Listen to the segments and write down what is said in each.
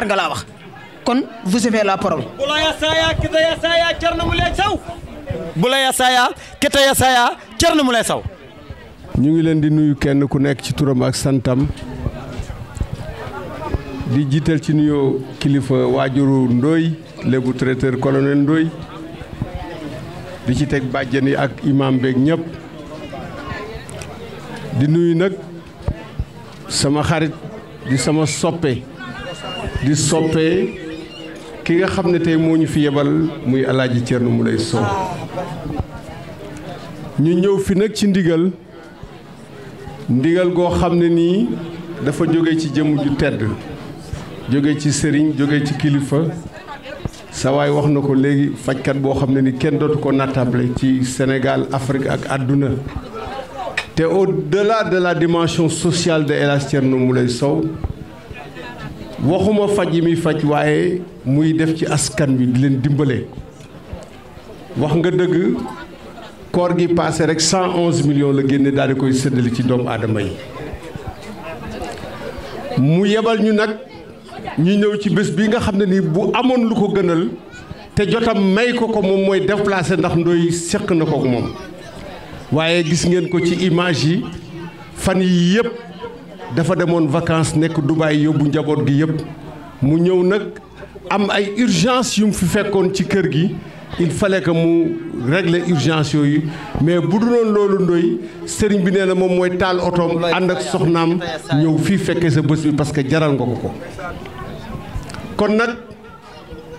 jàmbaar nga laa wax kon la parole bulaya saya kita ya saya Thierno Moulé ñu ngi leen di nuyu kenn ku nekk ci turam ak santam di jiital ci nuyoo kilifa waajuru Ndoy lébu traiteur colonel Ndoy di ci teg bàjjen yi ak imam beeg ñëpp di nuyu nag sama xarit di sama soppe di soppee ki nga xam ne tey moo ñu fi yebal muy alaaji Thierno Moulay Sow ñu ñëw fi nag ci ndigal ndigal goo xam ne nii dafa jóge ci jëmm ju tedd jóge ci sëriñ jóge ci kilifa sa wax na ko léegi fajkat boo xam ne ni kenn dootu ko nattable ci senegal Afrique ak àdduna te au-delà de la dimension sociale de El Hadj Thierno Moulay Sow waxuma faj yi muy faj waaye muy def ci askan wi di leen dimbale wax nga dëgg koor gi paase rek 111 millions la génne daal di koy séddale ci doomu aadama yi mu yebal ñu nag ñu ñëw ci bés bi nga xam ne nii bu amoon lu ko gënal te jotam may ko ko moom mooy déplacé ndax ndoy seq na ko moom waaye gis ngeen ko ci image yi fan yi yëpp. dafa demoon vacances nekk Dubaay yóbbu njaboot gi yëpp mu ñëw nag am ay urgence yum fi fekkoon ci kër gi il fallait que mu régler urgence yooyu mais bu du noon loolu ndoy sëriñ bi nee na moom mooy taal otoom ànd ak soxnaam ñëw fii fekke sa bés bi parce que jaral nga ko ko kon nag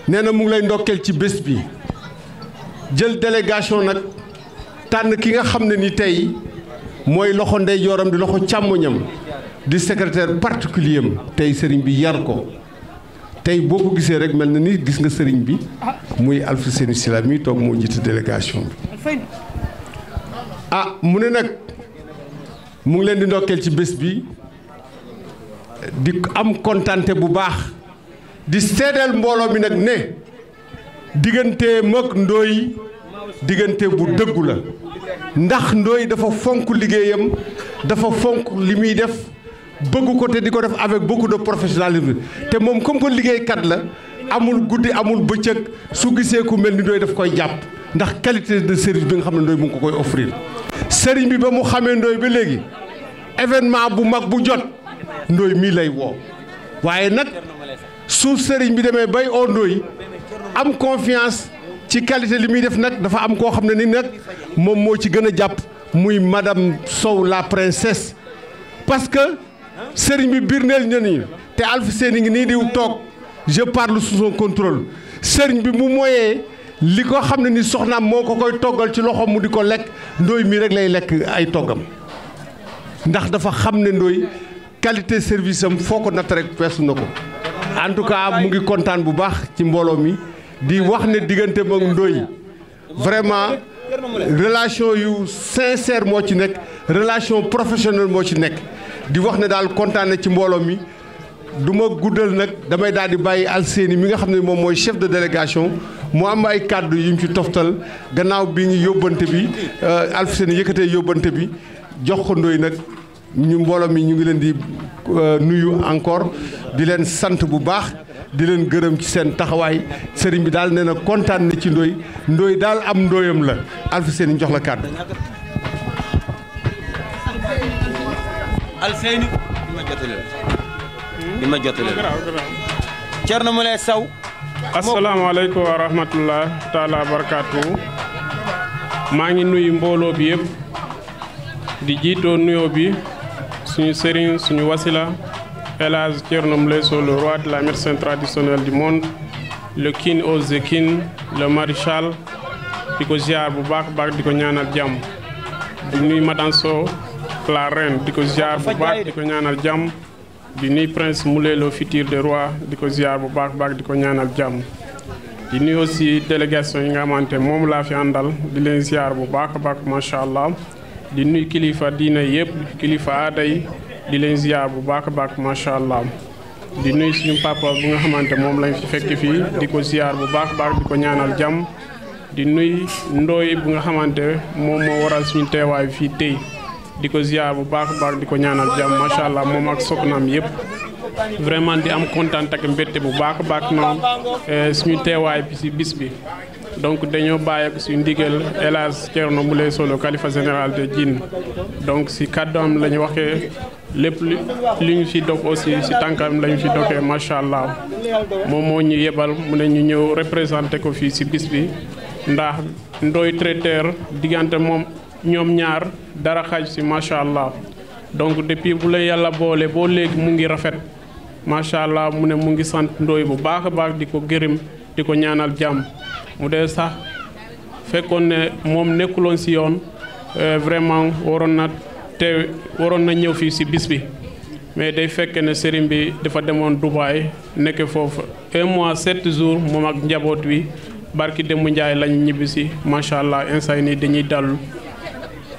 nee na mu ngi lay ndokkeel ci bés bi jël délégation nag tànn ki nga xam ne ni tey mooy loxo ndeyjooram di loxo càmmoñam di secrétaire particulier am tey sëriñ bi yar ko tey boo ko gisee rek mel na ni gis nga sëriñ bi muy Alfousseyni Sylla mi toog moo jiite délégation bi a ah mu ne nag mu ngi leen di ndokkeel ci bés bi di am kontante bu baax di seedeel mbooloo mi nag ne diggante mag ndóoy diggante bu dëggu la ndax Ndoye dafa fonk liggéeyam dafa fonk li muy def bëgg ko te di ko def avec beaucoup de professionnalisme te moom comme que liggéeykat la amul guddi amul bëccëg su gisee ku mel ni dooy daf koy jàpp ndax qualité de service bi nga xam ne Ndoye mu ngi ko koy offrir. sëriñ bi ba mu xamee Ndoye ba léegi événement bu mag bu jot Ndoye mii lay woo waaye nag su sëriñ bi demee bay oo Ndoye am confiance. ci qualité li muy def nag dafa am koo xam ne ni nag moom moo ci gën a jàpp muy madam Sow la princesse parce que sëriñ bi birneel na ni te seen Seyni ngi nii di toog je parle sous son contrôle sëriñ bi mu moyee li ko xam ne ni soxnaam moo ko koy toggal ci loxoom mu di ko lekk ndooy mii rek lay lekk ay toggam ndax dafa xam ne ndooy qualité service am foo ko natt rek feesu na ko en tout cas mu ngi kontaan bu baax ci mbooloo mi di wax ne diggante mook Ndoye vraiment relation yu sincère moo ci nekk relation professionnel moo ci nekk di wax ne daal kontaane ci mbooloo mi du ma guddal nag damay daal di bàyyi al Alseyni mi nga xam ne moom mooy chef de délégation mu am ay kàddu yu ñu ci toftal gannaaw bi ñu yóbbante bi euh, Alseyni yëkkatee yóbbante bi jox ko Ndoye nag ñu mbooloo mi ñu ngi leen di euh, nuyu encore di leen sant bu baax di leen gërëm ci seen taxawaay sëriñ bi daal nee na kontaan na ci ndóoy ndóoy daal am ndóoyam la Alfousseyni ñu jox la kàddu. Alfousseyni bi ma jotalee bi ma jotalee Thierno Moulay Sow. asalaamaaleykum wa rahmatullah taala wa barakaatu. maa ngi nuyu mbooloo bi yëpp di jiitoo nuyoo bi suñu sëriñ suñu wasila. Elhaj Thierno Moule Sow, le roi la médecine traditionnelle du monde le king aux kings le maréchal di ko ziar bu baax baax di ko ñaanal jàmm di nuy Madame Sow la di ko ziar bu baax di ko ñaanal jàmm di nuy prince Moule le futur de roi di ko ziar bu baax baax di ko ñaanal jàmm di nuy aussi délégation yi nga xamante moom laa fi àndal di leen ziar bu baax a baax macha allah di nuy kilifa diine yëpp kilifa aada yi di leen ziar bu baax a baax macha allah di nuyu suñu papa bu nga xamante moom lañ fi fekk fii di ko ziar bu baax a di ko ñaanal jàmm di nuyu ndooy bu nga xamante moom moo waral suñu teewaay fii tey di ko ziar bu baax a baax di ko ñaanal jàmm macha allah moom ak soxnaam yëpp. vraiment di am kontaan ak mbette bu baax a baax noonu eh, suñu teewaay bi si bis bi donc dañoo bàyyi ak suñu ndigal El Hadj bu Moule Solo kalifa général de Djinn donc si lépp li li ñu si dog aussi si tànkam la ñu si dogee macha allah moom moo ñu yebal mu ne ñu ñëw représenté ko fii si bis bi ndax ndoy Traiteur diggante moom ñoom ñaar dara xaj si macha allah donc depuis bu la yàlla boole boo léegi mu ngi rafet macha allah mu ne mu ngi sant Ndoye bu baax a baax di ko gërëm di ko ñaanal jàmm mu dee sax fekkoon ne moom nekkuloon si yoon euh, vraiment waroon na. te waroon na ñëw fii si bis bi mais day fekke ne sëriñ bi dafa demoon Dubaay nekk foofu un mois sept jours moom ak njaboot wi barki Demba njaay lañ ñibbisi macha allah instant nii dañuy dallu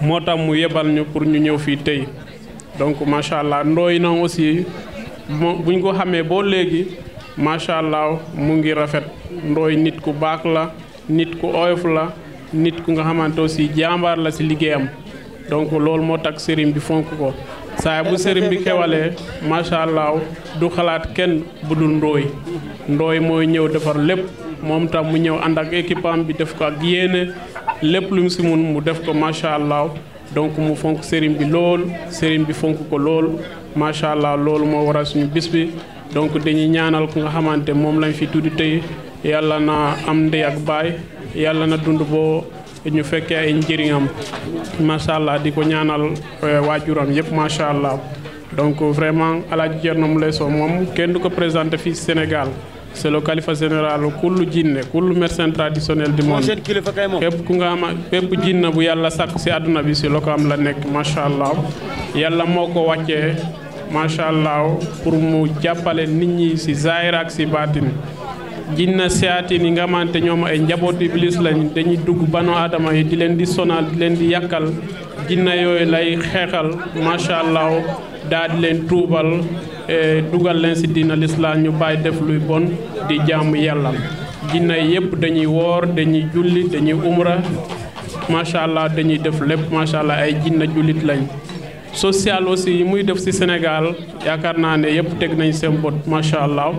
moo tax mu yebal ñu pour ñu ñëw fii tey donc macha allah ndooy na aussi buñ ko xamee boo léegi macha allah mu ngi rafet ndooy nit ku baax la nit ku oyof la nit ku nga xamante aussi jàmbaar la si liggéeyam. donc loolu moo tax sëriñ bi fonk ko saa bu sëriñ bi kewalee macha allah du xalaat kenn bu dul ndooy ndooy mooy ñëw defar lépp moom tam mu ñëw ànd ak équipe bi def ko ak yéene lépp lu mu si mun mu def ko macha allah donc mu fonk sëriñ bi lool sëriñ bi fonk ko lool macha allah loolu moo waral suñu bis bi donc dañuy ñaanal ku nga xamante moom lañ fi tuddi tey yàlla na am ndey ak baay yàlla na dund boo. ñu fekkee ay njëriñam macha allah di ko ñaanal euh, waajuram yëpp macha allah. donc vraiment El Hadj Thierno Moule Sow moom kenn du ko présenté fii Sénégal c'est le calife général kullu jinne kullu médecin traditionnel du monde képp ku nga ama képp jinne bu yàlla sàkk si àdduna bi si lokaam la nekk macha allah yàlla moo ko wàccee macha allah pour mu jàppale nit ñi si zaahir ak si baatin jinna seyaatin yi nga xamante ñoom ay njabootu iblis lañ dañuy dugg banu aadama yi di leen di sonal di leen di yàkkal jinna yooyu lay xeexal macha allah daal di leen tuubal eh, dugal leen si diina lislaam ñu bàyyi def luy bon di jaamu yàlla jinna yëpp dañuy woor dañuy julli dañuy umra macha allah dañuy def lépp macha allah ay jinna jullit lañ social aussi yi muy def si Sénégal yaakaar naa ne yëpp teg nañ seen bot macha allah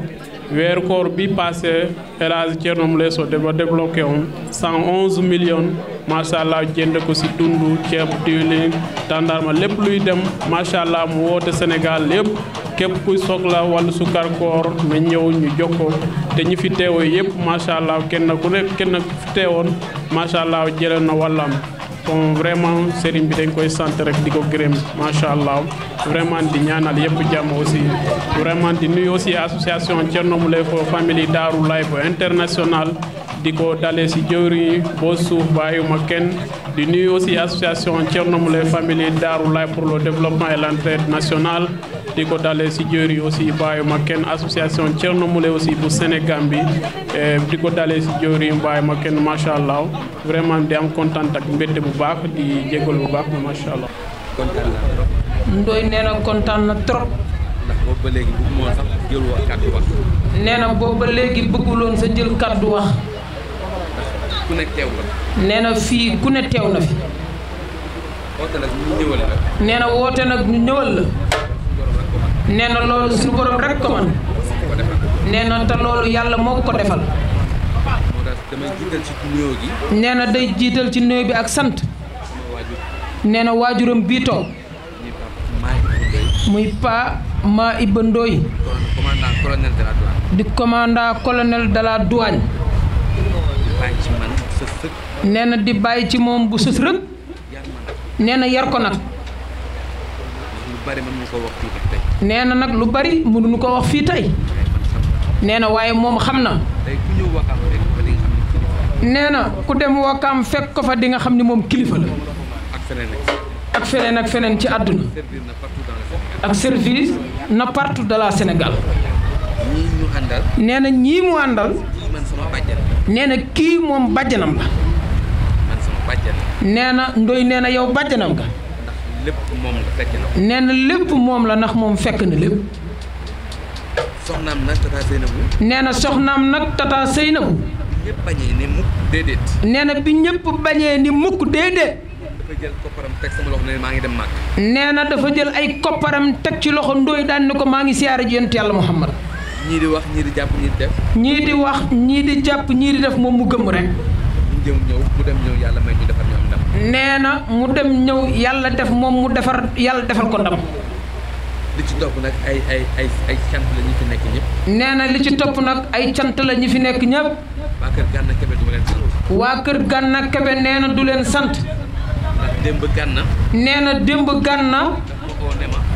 weeru koor bi passé El Hadj Thierno Moule Sow dafa débloqué woon cent onze millions macha allah jënd ko si dund ceeb diwlin tàndarma lépp luy dem macha allah mu woote Sénégal lépp képp ku soxla wàllu sukar koor na ñëw ñu jokko te ñi fi teewoo yëpp macha allah kenn ku nekk kenn ku fi teewoon macha allah jëlee na wàllam. kon vraiment sëriñ bi dañ koy sant rek di ko gërëm macha allah vraiment di ñaanal yëpp jàmm aussi vraiment di nuyu aussi association Thierno Moule Sow Family Darou Life international di ko dalee si jëwri boo suuf bàyyiwuma kenn di nuyu aussi association Thierno Moule Famille Darou Laye pour le développement et l'entraide nationale di ko dalee si jër yi aussi bàyyi ma kenn association Thierno Moule aussi bu Sénégal bi eh, di ko dalee si jër yi bàyyi ma kenn macha allah vraiment di am kontaan ak mbette bu baax di jégalu bu baax macha allah. kontaan naa trop. na kontaan na trop. ndax boobu léegi bëgguloon sa jël kàddu wax. ku ne teew nee na fii ku ne teew na fi. woote nag ñu ñëwal la. nee na woote nag ñu ñëwal la. nee na loolu suñu borom ko man nee na loolu yàlla moo ko defal. damay nee na day jiital ci nuyoo bi ak sant. nee na waajuram bii toog. muy pa ma Iba Ndoye. di commandant colonel de la nee na di bàyyi ci moom bu sës rëg nee na yar ko nag na nag lu bari mënuñu ko wax fii tey nee na waaye moom xam na nee na ku dem wakaam fekk ko fa di nga xam ni moom kilifa la ak feneen ak feneen ci àdduna ak service na partout de la Sénégal nee ñii mu àndal nee na kii moom bajjanam la. man sama bàjjan nee na ndoy nee na yow bàjjanam nga. ndax lépp moom la moom la ndax moom fekk na lépp. soxnaam nag tata nee na soxnaam nag tata Seynabou. bi ñëpp bañee ni mukk déedéet. nee na bi ñëpp bañee ni mukk déedéet. dafa jël kopparam teg sama maa ngi dem màkk. nee na dafa jël ay kopparam teg ci loxo ndooy daan ne ko maa ngi siyaare ji yonent yàlla Muhammad ñii di wax ñii di jàpp ñii di def. ñii wax ñii di jàpp ñii def moom mu gëm rek. mu jëm ñëw mu dem ñëw yàlla may ñu defar nee na mu dem ñëw yàlla def moom mu defar yàlla defal ko ndam. li ci topp nag ay cant la fi nekk ñëpp. nee na li ci topp nag ay cant la ñi fi nekk ñëpp. waa kër Gana Kebe du leen sant. waa nee na du leen sant. démb Gana. nee na démb Gana.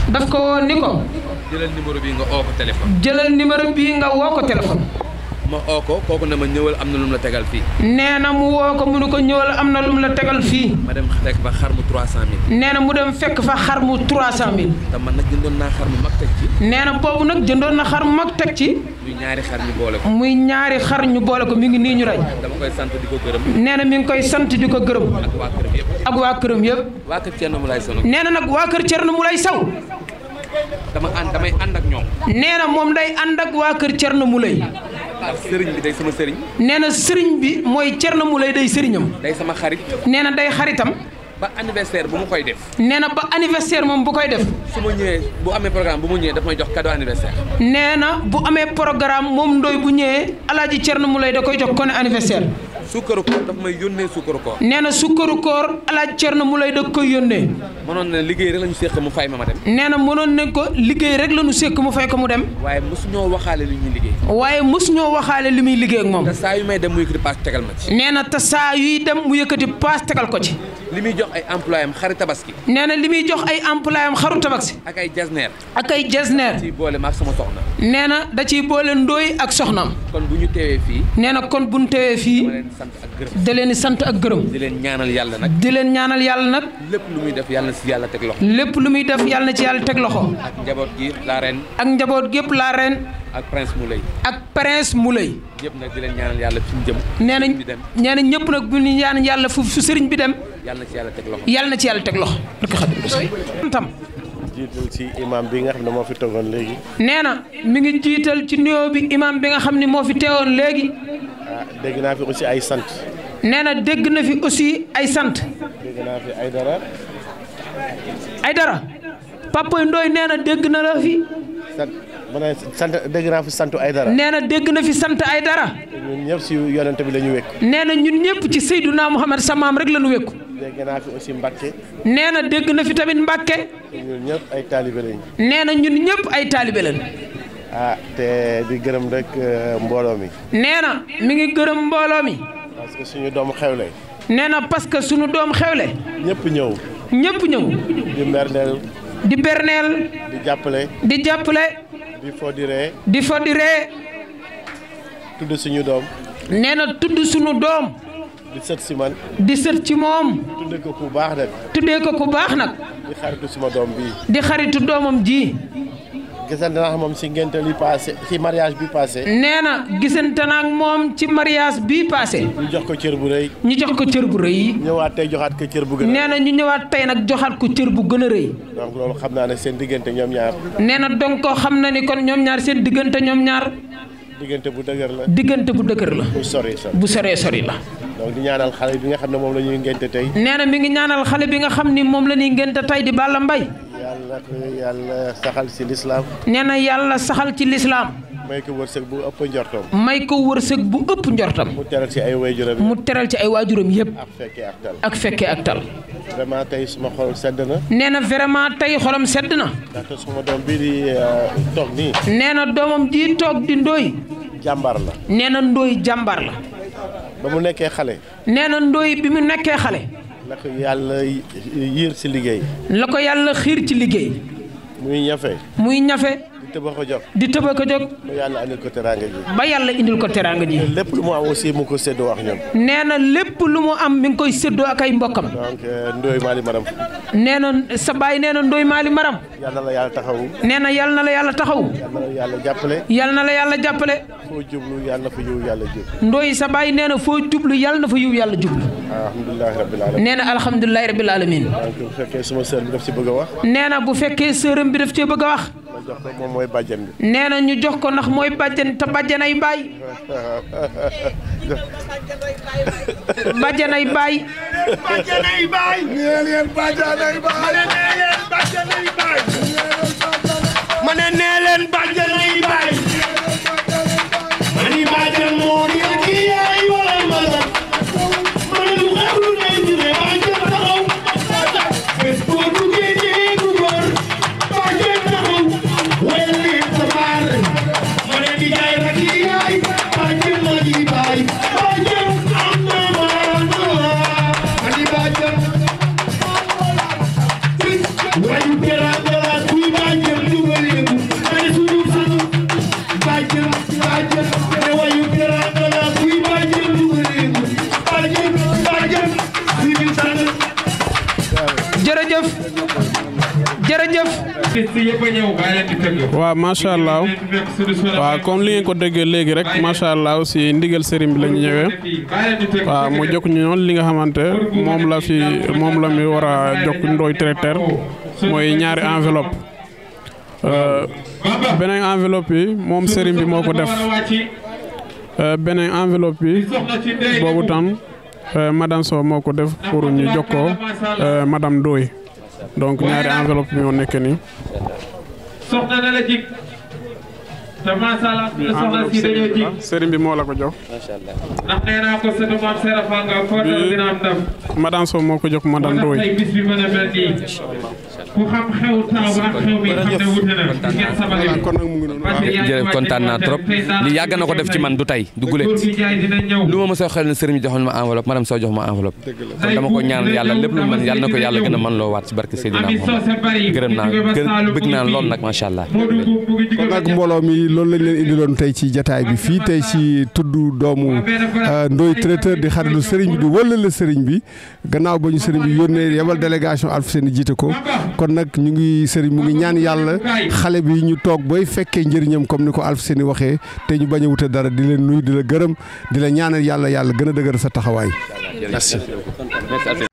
daf ko woo ni ko. jëlal numéro bii nga oo ko téléphone. jëlal numéro bii nga woo ko téléphone. ma oo kooku ne ma ñëwal am na lu mu la tegal fii. nee na mu woo ko mu ne ko ñëwal am na lu mu la tegal fii. ma dem fekk fa xar mu 300000. nee na mu dem fekk fa xar mu 300000. te man nag jëndoon naa xar mu mag teg nee na boobu nag jëndoon na xar mu mag teg ci. ñaari xar ñu boole muy ñaari xar ñu boole ko ngi nii ñu dama koy sant di ko gërëm. nee na mi ngi koy sant di ko gërëm. ak waa këram yëpp. ak waa këram yëpp. waa kër Thierno Moulay Sow. nee na nag waa kër Thierno Moulay Sow. dama ànd damay ànd ak ñoom. nee na moom day ànd ak waa kër Thierno Moulay. ndax sëriñ bi day sama sëriñ. nee na sëriñ bi mooy Thierno Moulay day sëriñam. day sama xarit. nee na day xaritam. ba anniversaire bu mu koy def. nee na ba anniversaire moom bu koy def. su ma ñëwee bu amee programme bu mu ñëwee daf may jox cadeau anniversaire. nee na bu amee programme moom ndoy bu ñëwee alaaji Thierno Moulay da koy jox kon anniversaire. sukkaru koor daf may yónnee sukkaru koor nee na sukkaru koor alaaj na mu lay da koy yónnee mënoon na liggéey rek la ñu séq mu fay ma ma dem nee na mënoon nañ ko liggéey rek la ñu séq mu fay ko mu dem waaye mosuñoo waxaale li ñuy liggéey waaye mosu ñoo waxaale li muy liggéey ak moom. te saa yu may na te saa yuy dem mu yëkkati paas tegal ko ci. li muy jox ay employé am xaru tabaski. nee na li muy jox ay employé am xaru tabaski. ak ay jasneer. ak ay jasneer. da ciy boole ma ak sama soxna. nee na da ciy boole ndooy ak soxnaam. kon bu ñu teewee fii. nee na kon bu ñu teewee fii. da leen di sant ak gërëm. di leen ñaanal yàlla nag. di leen ñaanal yàlla nag. lépp lu muy def yàlla na yàlla teg loxo. lépp lu muy def yàlla ci yàlla teg loxo. ak njaboot gi la ren. ak ak prince Moulay. ak prince Moulay. ñëpp nag di leen ñaanal yàlla fu mu jëm. nee nañ nee nañ ñëpp nag bu ñu ñaanal yàlla fu su sëriñ bi dem. yàlla na ci yàlla teg loxo. yàlla na ci yàlla teg tam. jiital ci imam nga xam ne moo fi teewoon léegi. nee na mi ngi jiital ci nuyoo bi imam bi nga xam ne moo fi teewoon léegi. ah dégg naa fi aussi ay sant. nee na dégg na fi aussi ay sant. dégg naa fi ay dara. ay dara. papa Ndoye nee na dégg na la fi. sant fi sant ay dara. nee na dégg na fi sant ay dara. ñun ñëpp si yonent bi la ñu wékku. nee na ñun ñëpp ci Seydina Muhammad samaam rek la ñu wékku. dégg naa fi aussi Mbacke. nee na dégg na fi tamit Mbacke. ñun ñëpp ay taalibe lañu. nee na ñun ñëpp ay taalibe lañu. Ah, te di gërëm rek euh, mbooloo mi. nee na mi ngi gërëm mbooloo mi. parce que suñu doomu xewle. nee na parce que suñu doom xewle. ñëpp ñëw. ñëpp ñëw. di merndeel. di berneel. di jàppale. di jàppale. di foddiree. di foddiree. tudd suñu doom. nee na tudd suñu doom. di sët si man. di sët ci moom. tuddee ko ku baax nag. tuddee ko di xaritu suma doom bi di xaritu doomam ji. gisante naa moom si ngénte li passé si mariage bi passé. nee na gisante naa moom ci mariage bi passé. ñu jox ko cër bu rëy. ñu jox ko cër bu rëy. ñëwaat tey joxaat ko cër bu gën a. ñu ñëwaat tey nag joxaat ko cër bu gën a rëy. donc loolu xam naa ne seen diggante ñoom ñaar. nee na donc xam na ni kon ñoom ñaar seen diggante ñoom ñaar. diggante bu dëgër la. diggante bu dëgër la. bu soree sori bu la. donc di ñaanal xale bi nga xam ne moom la ñuy ngénte tey. nee na ngi ñaanal xale bi nga xam ni moom la ñuy ngénte tey di Balla Mbaye. yàlla yàlla saxal ci lislaam. nee na yàlla saxal ci lislaam. may ko wërsëg bu ëpp njortam. may ko wërsëg bu ëpp njortam. mu teral ci ay waajuram mu teral ci ay waajuram yëpp. ak fekkee ak tal. ak fekkee ak tal. vraiment tey suma xol sedd na. nee na vraiment tey xolam sedd na. ndaxte suma doom bii di euh, toog nii. nee na doomam di toog di ndóoy. jàmbar la. nee na ndóoy jàmbar la. ba mu nekkee xale. nee na ndóoy bi mu nekkee xale. la ko yàlla yiir ci liggéey. la ko yàlla xiir ci liggéey. muy ñafe. muy ñafe. tëba ko jóg di tëba ko jóg ba yàlla indil ko teraanga ji ba yàlla indil ko teraanga ji lépp lu mu am aussi mu ko séddoo ak ñoom nee na lépp lu mu am ngi koy séddoo ak mbokkam donc euh, Ndoye Maram nee na sa baay nee na Ndoye Mali Maram yal la yàlla taxawu nee na yal la yàlla taxawu yàlla jàppale yal na la yàlla jàppale foo jublu yal na fa yiw yàlla jub Ndoye sa baay nee foo jublu yal na fa yàlla jublu alhamdulilahi rabbil alamin nee na alhamdulilahi rabbil alamin bu fekkee suma sœur bu fekkee ci bëgg a wax jox ko moom mooy bàjjen bi. nee jox ko ndax mooy bàjjen te bàjjen ay baay. waaw macha allah waaw comme li ngeen ko déggee léegi rek macha allah si ndigal sëriñ bi la ñu ñëwee waaw moo jokk ñu li nga xamante moom la fi moom la mi war a jokk ndooy mooy ñaari enveloppe euh, beneen enveloppe yi moom sëriñ bi moo ko def euh, beneen enveloppe yi boobu tam euh, madame Sow moo ko def pour ñu jokkoo madame Ndoye donc ñaari enveloppe bi moo nekk nii. soxna na la jig te macha allah bi moo la ko jox. macha allah ndax nee naa ko sëtu maam Serap Fanga. foo dal dina am moo ko jox madame moo tax ku xam xew taaw ak xew mi xam ne wute kontaan naa trop li yàgg na ko def ci man du tey du guléet lu ma mos a xel ne sëriñ bi joxoon ma enveloppe madame Sow jox ma enveloppe dama ko ñaan yàlla lépp lu man yàlla na ko yàlla gën a man loo waat ci barke naa bëgg naa lool nag macha allah kon nag mbooloo mi loolu lañ leen indiloon tey ci jataay bi fii tey ci tudd doomu euh, Ndoye traiteur di xaritu sëriñ bi di wëlale sëriñ bi gannaaw ba ñu sëriñ bi yónnee yebal délégation Alfousseyni jiite ko kon nag ñu ngi sëriñ mu ngi ñaan yàlla xale bi ñu toog booy fekkee njëriñam comme ni ko Alf Séni waxee te ñu bañ a wute dara di leen nuyu di la gërëm di la ñaanal yàlla yàlla gën a dëgër sa taxawaay merci